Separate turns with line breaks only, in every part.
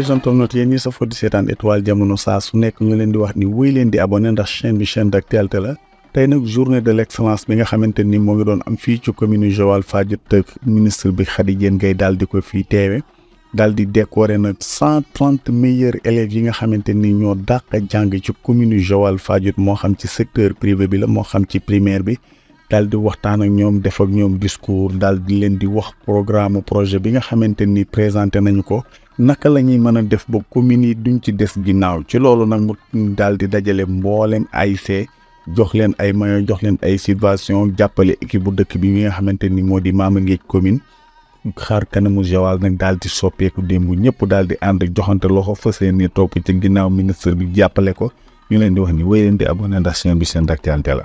des internautes yéen ñi safoo di seetaan étoile jamono saa su nekk ñu leen di wax ni wuy leen di abonné ndax chaîne bi chaîne d'actualité la tey nag journée de l'excellence bi nga xamante ni moo ngi doon am fii ci commune Joal-Fadiouth te ministre bi Khady Diène Gaye daal di ko fii teewe daal di décorer nag cent trente meilleurs élèves yi nga xamante ni ñoo dàq jàng ci commune Joal-Fadiouth moo xam ci secteur privé bi la moo xam ci primaire bi daal di waxtaan ak ñoom def ak ñoom discours daal di leen di wax programme projet bi nga xamante ni présenté nañu ko naka lañuy ñuy mën a def ba communes yi duñ ci def ginnaaw ci loolu nag mu daal di dajale mbooleem ay jox leen ay maillot jox leen ay subvention jàppale équipe bu dëkk bi mi nga xamante ni moo di Maama Ngéej commune xaar kanamu Joal nag daal di soppeeku démb ñëpp daal di ànd joxante loxo fas yéene topp ci ginnaaw ministre bi jàppale ko ñu leen di wax ni wéy leen di abonné ndax chaîne bi seen d'actualité la.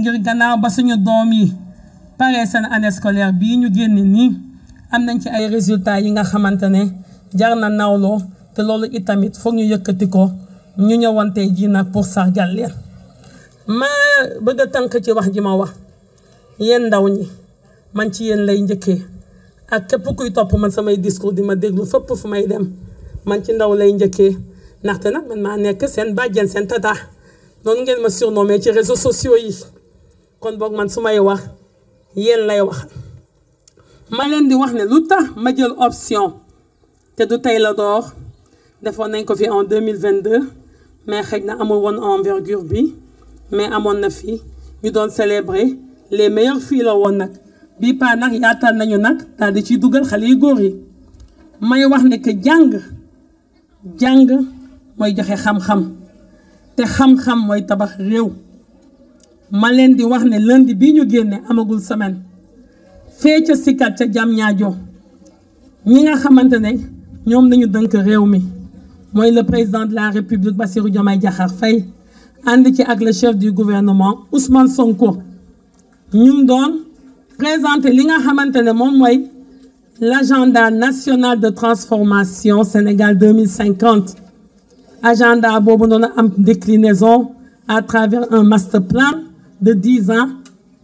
ngir gannaaw ba suñu doom yi paree seen année scolaire bii ñu génn ni am nañ ci ay résultats yi nga xamante ne jar na nawloo itamit foog ñu yëkkati ko ñu ñëwante ji nag pour leen ma bëgg a ci wax ji ma wax yéen ndaw ñi man ci yéen lay njëkkee ak képp kuy topp man samay discours di ma déglu fépp fu may dem man ci ndaw lay njëkkee ndaxte nag man maa nekk seen seen tata noonu ngeen ma ci réseaux sociaux yi kon boog man wax yéen lay wax ma len di wax ne lutax ma jël option te du tay la dox defoon nañ ko fi en 2022 mais xëy na amul en envergure bi mais je na fi ñu doon célébrer les meilleurs filles la won nak pas pa nak yaatal nañu nak je di ci duggal xale yu yi may wax ne que jang jang moy joxe xam-xam te xam-xam moy tabax rew malen di wax ne lundi bi ñu génne amagul semaine fee ca sikkat ca jam ñaajo ñi nga xamante ne nañu dënk réew mi mooy le président de la république Bassirou Diomaye jaxar fay ànd ci ak le chef du gouvernement Ousmane Sonko ñun doon présente li nga xamante ne moom l'agenda national de transformation Sénégal 2050 agenda boobu noonu am déclinaison à travers un master plan de 10 ans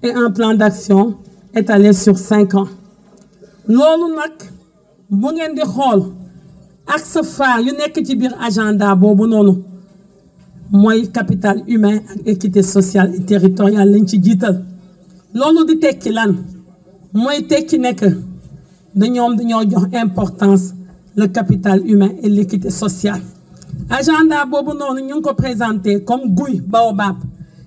et un plan d'action étalé sur 5 ans Lolo nak bu ngeen di ak axe phare yu nekk ci biir agenda bobu noonu moy capital humain équité sociale et territoriale lañ ci jiital lolu di de lan mooy tekki ñom dañu jox importance le capital humain et l'équité sociale agenda bobu noonu ñu ko présenter comme gouy baobab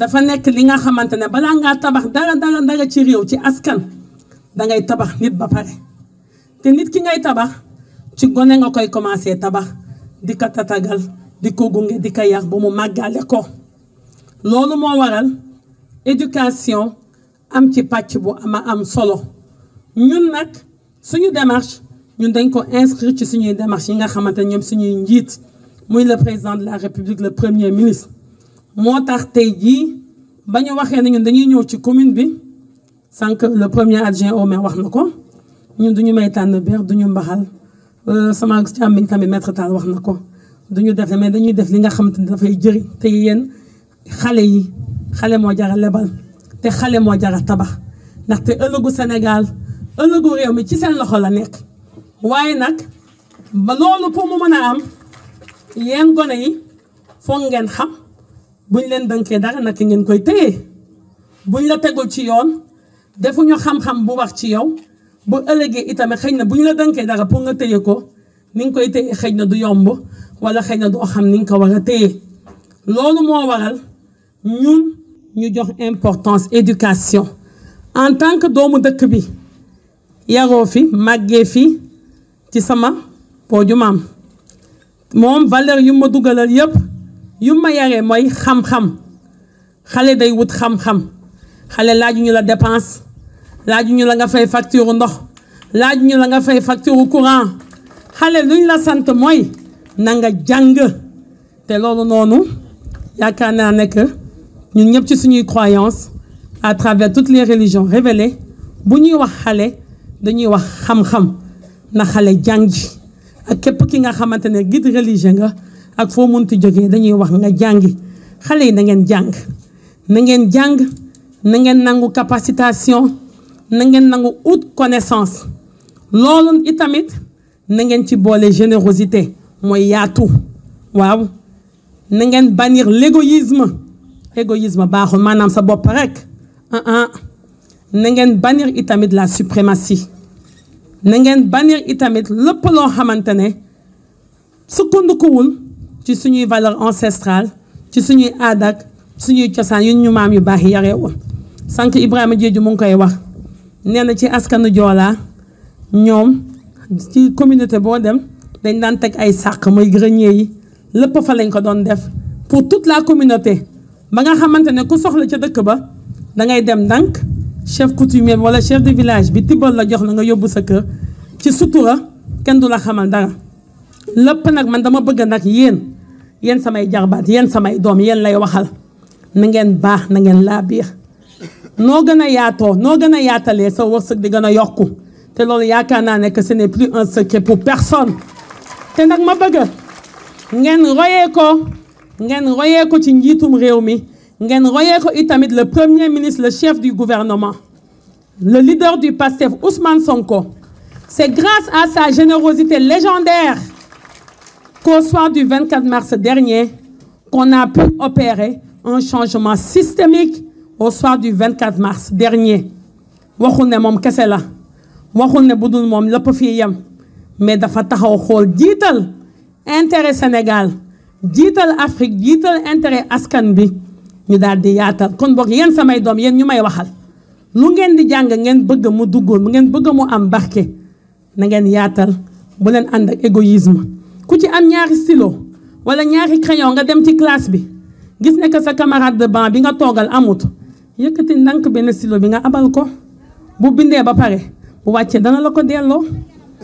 dafa nek li nga xamantene bala nga tabax dara dara dara ci rew ci askan ngay tabax nit ba pare te nit ki ngay tabax ci gone nga koy tabax di ko tatagal di ko gungé di ka yax bu mu magalé ko lolu mo waral éducation am ci patch bu ama am solo ñun nak suñu démarche ñun dañ ko inscrire ci suñu démarche yi nga xamantene ñom suñu njit muy le président de la république le premier ministre moo tax tey jii ba ñu waxee ne ñun dañuy ñëw ci commune bi sànq le premier adjoint au maire wax na ko ñun du ñu may tànn biir du ñu mbaxal euh, sama càmmiñ tamit maître Tall wax na ko du ñu def mais dañuy def li nga xam te dafay jëriñ te yéen xale yi xale moo jara lebal te xale moo jar a tabax ndaxte ëllëgu Sénégal ëllëgu réew mi ci seen loxo la nekk waaye nag ba loolu pour mu mën a am yéen gone yi foog ngeen xam buñ leen dënkee dara naka ngeen koy téye ñu la tegul ci yoon defuñu xam-xam bu wax ci yow bu ëllëgee itamit xëy na bu ñu la dënkee dara pour nga téye ko ni nga koy téye xëy na du yomb wala xëy na doo xam ni nga ko war a téye loolu moo waral ñun ñu jox importance éducation en tant que doomu dëkk bi yaroo fi màggee fi ci sama pooju maam moom valeur yu ma dugalal yépp yuma ma moy xam-xam xalé day wut xam-xam xalé laaju ñu la dépense laaju ñu la nga fay facture ndox laaju ñu la nga fay facture courant xalé luñ la sante moy na nga jang té lolu nonu yakana nek ñun ci suñuy croyance à travers toutes les religions révélées bu ñuy wax xalé dañuy wax xam-xam na xale ak képp ki nga xamantene guide religieux nga ak fo mënti jógee dañuy wax nga jangi xalé na ngeen jang na ngeen jang na ngeen nangu capacitation na ngeen nangu out connaissance lolon itamit na ngeen ci boole générosité moy yaatu waw na ngeen bannir l'égoïsme égoïsme baaxu manam sa bop rek ah ah na ngeen bannir itamit la suprématie na ngeen bannir itamit lepp lo xamantene ne ci suñuy valeur ancestrale ci suñuy adak suñuy cosaan yu ñu maam yu baax yi yaree woon sànq Ibrahima Diédhiou mu ngi koy wax nee na ci askanu joolaa ñoom ci communauté boo dem dañ daan teg ay sàq muy grenier yi lépp fa lañ ko doon def pour toute la communauté ba nga xamante ne ku soxla ca dëkk ba dangay dem ndànk chef coutumier bi wala chef de village bi tibbal la jox la nga yóbbu sa kër ci sutura kenn du la xamal dara lépp nag man dama bëgg nag yéen yen samay jarbaat yen samay dom yen lay waxal na ngeen baax na ngeen laa biir noo gën a yaatoo noo sa wërsëg di gëna a yokku te loolu yaakaar né que ce n'est plus un secret pour personne té nak ma bëgg ngeen royé ko ngeen royé ko ci njitum réew mi ngeen royee ko itamit le premier ministre le chef du gouvernement le leader du PASTEF Ousmane Sonko c'est grâce à sa générosité légendaire qu'au soir du 24 mars dernier, qu'on a pu opérer un changement systémique au soir du 24 mars dernier. waxul mom moom kese la waxul ne bu dul moom lépp mais dafa taxaw xol jiital intérêt Sénégal jiital Afrique jiital intérêt askan bi ñu dal di yaatal kon boog yeen samay dom yeen ñu may waxal lu ngeen di jang ngeen bëgg mu duggul ngeen bëgg mu am barké. na ngeen yaatal bu len ànd ak égoïsme ku ci am ñaari stylo wala ñaari crayon nga dem ci classe bi gis ne que sa camarade de banc bi nga toogal amut yëkkati ndànk benn stylo bi nga abal ko bu bindee ba pare bu wàccee dana la ko delloo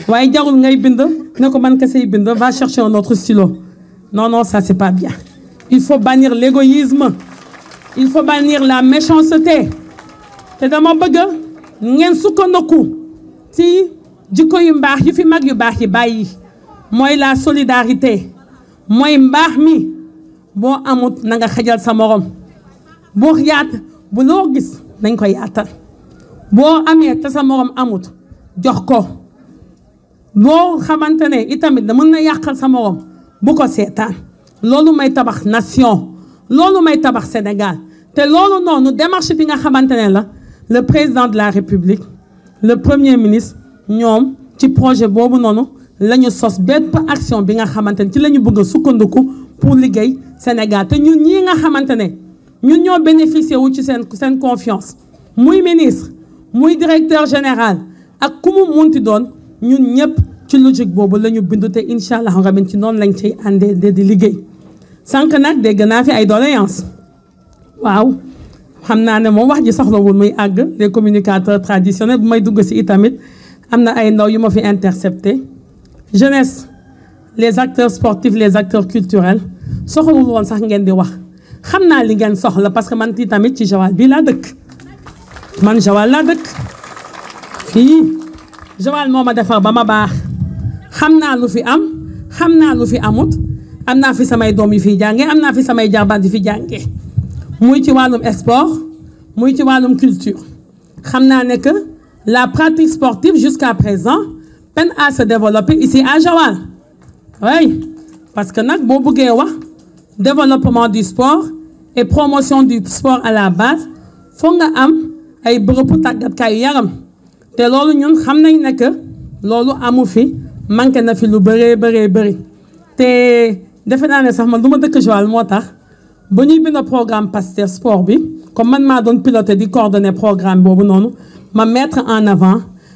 waaye jarul ngay bind ne ko man kese bind va chercher un autre stylo non non ça c'est pas bien il faut bannir l'égoïsme il faut bannir la méchanceté te dama bëgg ngeen sukkandiku ci jikko yu mbaax yu fi mag yu baax yi bàyyi moy la solidarité moy mbaax moi amut na nga xajal sa morom bo yaat bu lo gis nañ ko yaatal bo amé ta sa morom amut jox ko loo xamantene itamit da mën na yàqal sa morom bu ko setan lolu may tabax nation lolu may tabax Sénégal te loolu noonu démarche bi nga xamantene la le président de la République le premier ministre ñom ci projet bobu noonu lañu sos bépp action bi nga xamante ne ci lañu bëgg a sukkandiku pour liggéey Sénégal te ñun ñii nga xamante ne ñun ñoo bénéficier wu ci seen seen confiance muy ministre muy directeur général ak ku mu munti doon ñun ñëpp ci logique boobu la ñu bindu te incha allah rabin ci noonu lañ cay àndee de di liggéey sànq nag dégg naa fi ay doléance waaw xam naa ne moom wax ji soxlawul muy àgg les communicateurs traditionnels bu may dugg si itamit am na ay ndaw yu ma fi intercepté jeunesse les acteurs sportifs les acteurs culturels soxalul woon sax ngeen di wax xam naa li ngeen soxla parce que man ti tamit ci Joal bii laa dëkk man Joal laa dëkk fii Joal ma defar ba ma baax xam lu fi am xam naa lu amut amna fi samay dom yu fiy jànge am fi samay jarbaat fi jangé muy ci walum sport muy ci walum culture xamna nek la pratique sportive jusqu'à présent peine à se développer ici à Jawa. Oui, parce que nak développement du sport et promotion du sport à la base faut nga am ay bërepp tagat kay yaram té lolu ñun xam que lolu amu fi manke na fi lu té na programme Pasteur sport bi comme man maa pilote piloter programme nous, ma mettre en avant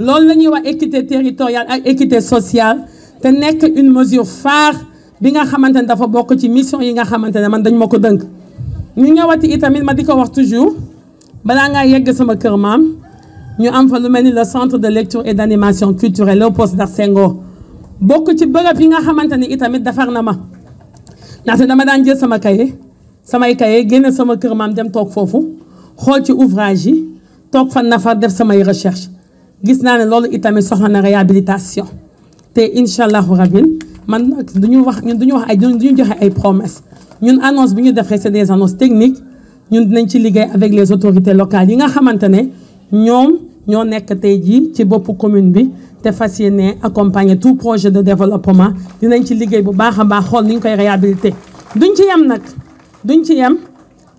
loolu la ñuy wax équité territoriale ak équité sociale te nekk une mesure phare bi nga xamante ne dafa bokk ci mission yi nga xamante ne man dañ ma ko dënk ñu ñëwati itamit ma di ko wax toujours balaa ngaa yegg sama kër maam ñu am fa lu mel ni le centre de lecture et d' animation culturelle au poste Senghor bokk ci bërëb yi nga xamante ne itamit defar na ma ndaxte dama daan jël sama kaye samay kaye génne sama kër maam dem toog foofu xool ci ouvrage yi toog nafar def samay recherche gis naa ne loolu itamit soxla na réhabilitation te inshallah allahu rabin man duñu wax ñun duñu wax ay duñu joxe ay promesse ñun annonce bi ñu def rek c'est des annonces techniques ñun dinañ ci liggéey avec les autorités locales yi nga xamante ñom ñoo nekk tay ji ci bop commune bi te fas accompagner tout projet de développement dinañ ci liggéey bu baax baax xol ni ñu koy réhabilité duñ ci yam nak duñ ci yam yem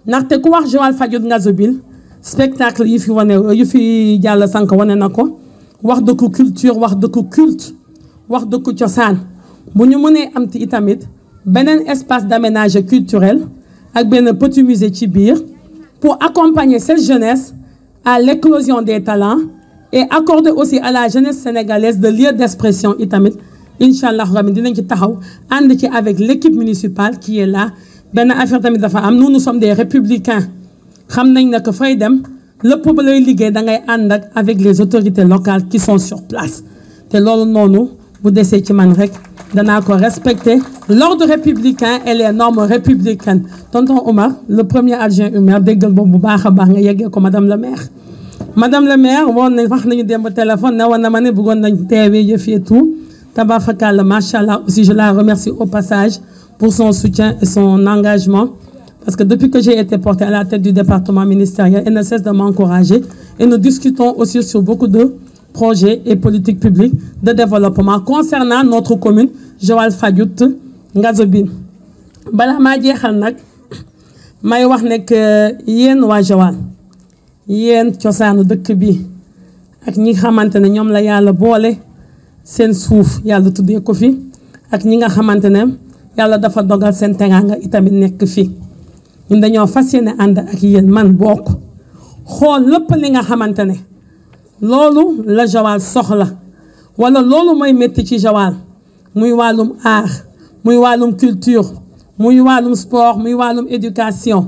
ndaxte ku wax Joal Fadiou Ngazobil spectacle yi fi wane yi fi jàll sànq wane na ko wax dëkku culture wax dëkku culte wax de cosaan bu ñu mënee am ti tamit benen espace d'aménage culturel ak un petit musée ci pour accompagner cette jeunesse à l'éclosion des talents et accorder aussi à la jeunesse sénégalaise de lieux d'expression itamit inshallah allah rabbi dinañ ci taxaw ànd ci avec l'équipe municipale qui est là ben affaire tamit dafa am nous nous sommes des républicains xam nañ ne que fay dem lié, ba lay da ngay avec les autorités locales qui sont sur place te loolu noonu bu desee ci man rek danaa ko respecter l'ordre républicain et les normes républicaines tonton Omar le premier adjoint au de déggal boobu bu baax baax nga ko madame la maire madame la maire on na wax nañu démb téléphone ne woon na ma ne bëggoon nañ teewee yëf yi tout tabafakal macha allah aussi je la remercie au passage pour son soutien et son engagement parce que depuis que j'ai été portée à la tête du département ministériel, elle ne cesse de m'encourager. Et nous discutons aussi sur beaucoup de projets et politiques publiques de développement concernant notre commune, Joal Fadiout, Ngazobine. Je maa dire que may wax ne yéen waa Joal yéen cosaanu dëkk bi ak ñi xamantene ñom la yalla boole sen suuf yalla tuddee ko fi ak ñi nga xamantene yalla dafa dogal sen fi ñun dañoo fas ànd ak yéen man bokk xool lépp li nga xamante ne loolu la Joal soxla wala loolu mooy métti ci Joal muy wàllum art muy wàllum culture muy wàllum sport muy wàllum éducation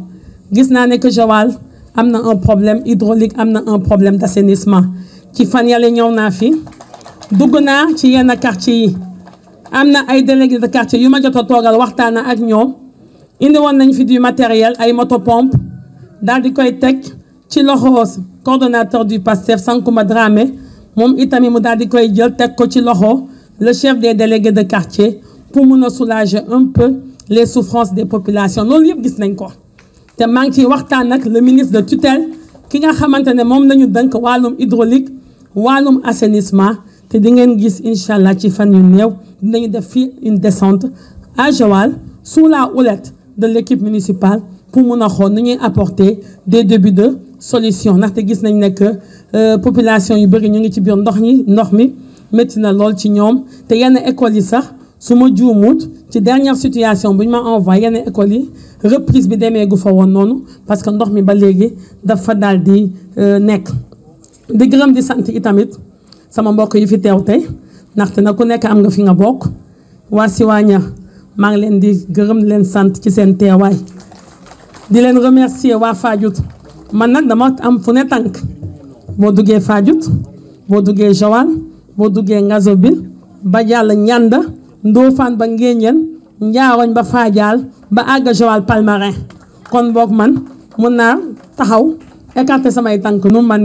gis naa ne que Joal am na un problème hydraulique am na un problème d'assainissement ci fan yàlla ñëw naa fi dugg naa ci yenn quartier yi am na ay délégués de quartier yu ma jot a toogal waxtaan ak ñoom. Il woon a fi du matériel des motopompes, dans di koy teg ci coordonnateur du pasteur Sankouma Dramé moom itamit mu daal di koy le chef des délégués de quartier pour nous soulager un peu les souffrances des populations Nous l'avons gis nañ ko. te le ministre de tutelle qui nga xamante ne moom la ñu hydraulique walum assainissement te di ngeen gis incha allah ci fan yu une descente à Joal sous la houlette de l'équipe municipale pour mun a xool nu ñuy apporter des début de solution ndaxte gis nañ ne que euh, population yu bëri ñu ngi ci biir ndox ñi ndox mi métti na lool ci ñoom te yenn écoles yi sax su ma juumut ci dernière situation bu ma envoyé yenn écoles reprise bi demee gu fa woon noonu parce que ndox mi ba léegi dafa daal di de euh, di gërëm di sant itamit sama mbokk yi fi teew tey ndaxte na ku nekk am nga fi nga bokk waa Siwaaña maa ngi leen di gërëm leen sant ci seen teewaay di leen remercier waa Fadiouth man nag dama am fu ne tànk boo duggee Fadiouth boo duggee Joal boo duggee Ngazobil ba jàll Ñanda Ndofane ba Ngéñeen Njaaroñ ba Fadial ba àgg Joal Palmarin kon boog man mun naa taxaw écarter samay tànk nu ma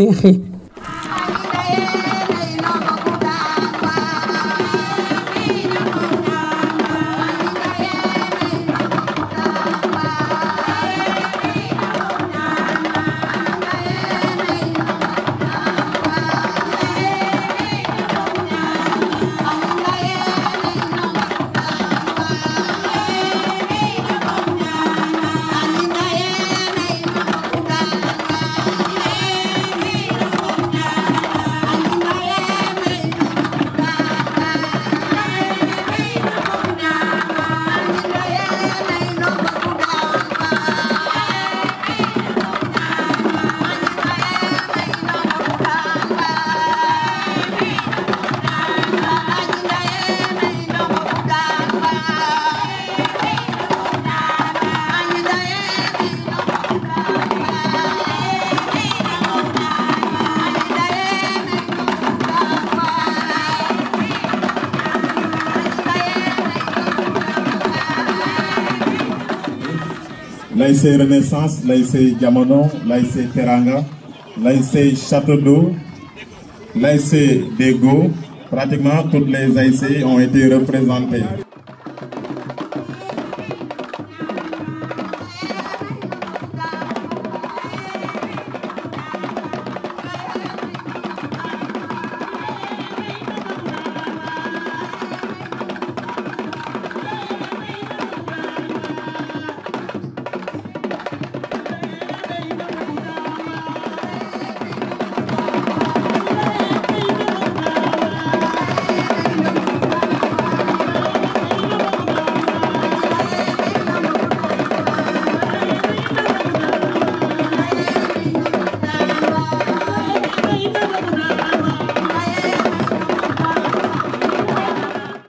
l'AIC Renaissance, l'AIC Diamondon, l'AIC Teranga, l'AIC Château d'Eau, l'AIC Dego. Pratiquement toutes les AIC ont été représentées.